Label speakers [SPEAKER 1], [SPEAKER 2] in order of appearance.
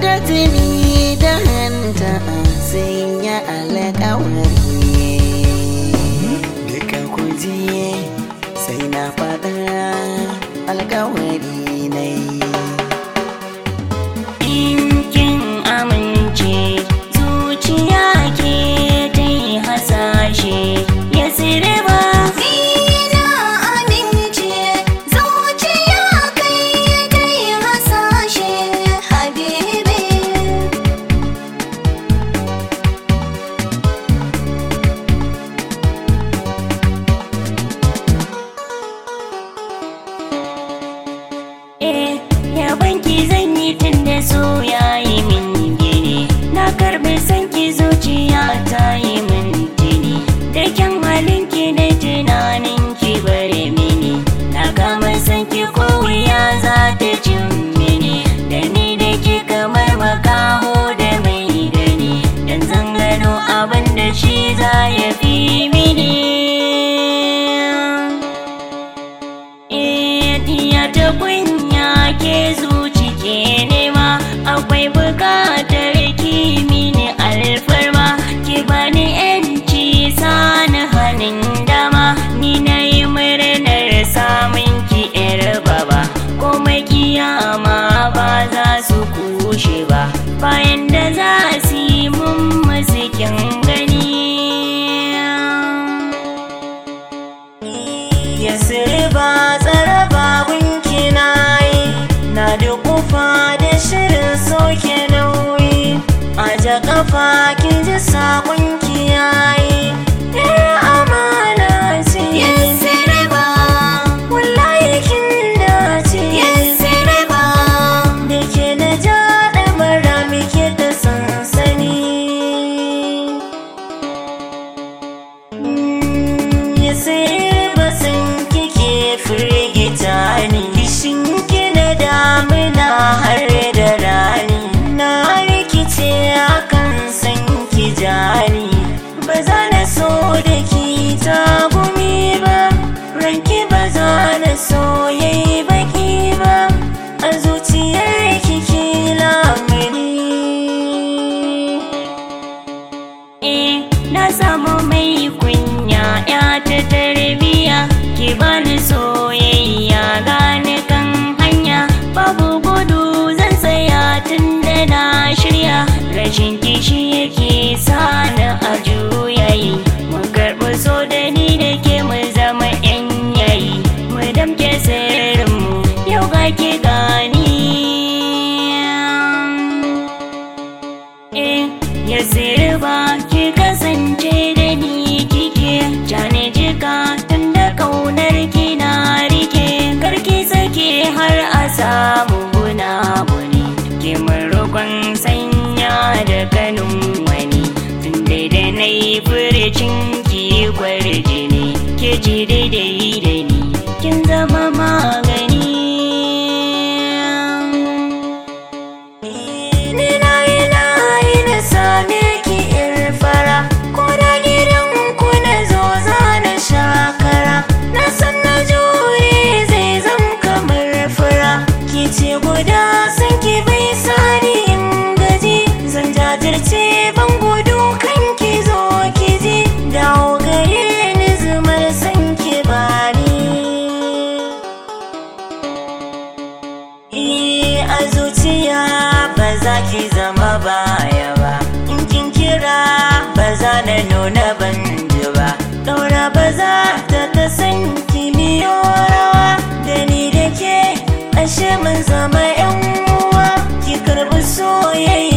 [SPEAKER 1] da jini da hanta sun yi alƙawari duka kujiye sai na faɗa alkawari na yi eh ya banki zan yi tun da so yayi min gini na karbe san ki zo ba bayan da za su yi mun mazikin gani ya ba tsara gunki na yi na da kufa da shirin sauke nauyi a ja kafa kin ji sakon say ki bani soyayya gane kan hanya babu gudu zan tsaya tun da na shirya rashin kishi yake sani a juyayi mu karɓi so da ni da ke mu zama yan yayi mu damke sirrinmu yau ga ke gani eh, ya sirri ba a samu guna guri ke roƙon sanya da kanin wani tun da na yi furicin ki gwar jini ke ji daidai da ni kin zama ma asirce ban gudu kan ki zo ki ji dawo gare ni zumar san ki eh, a zuciya ba za ki zama baya ba in kin kira ba za na nuna ban ji ba ɗaura ba za ta ta san ki miyo rawa da ni da ke ashe mun zama 'yan uwa ki karɓi soyayya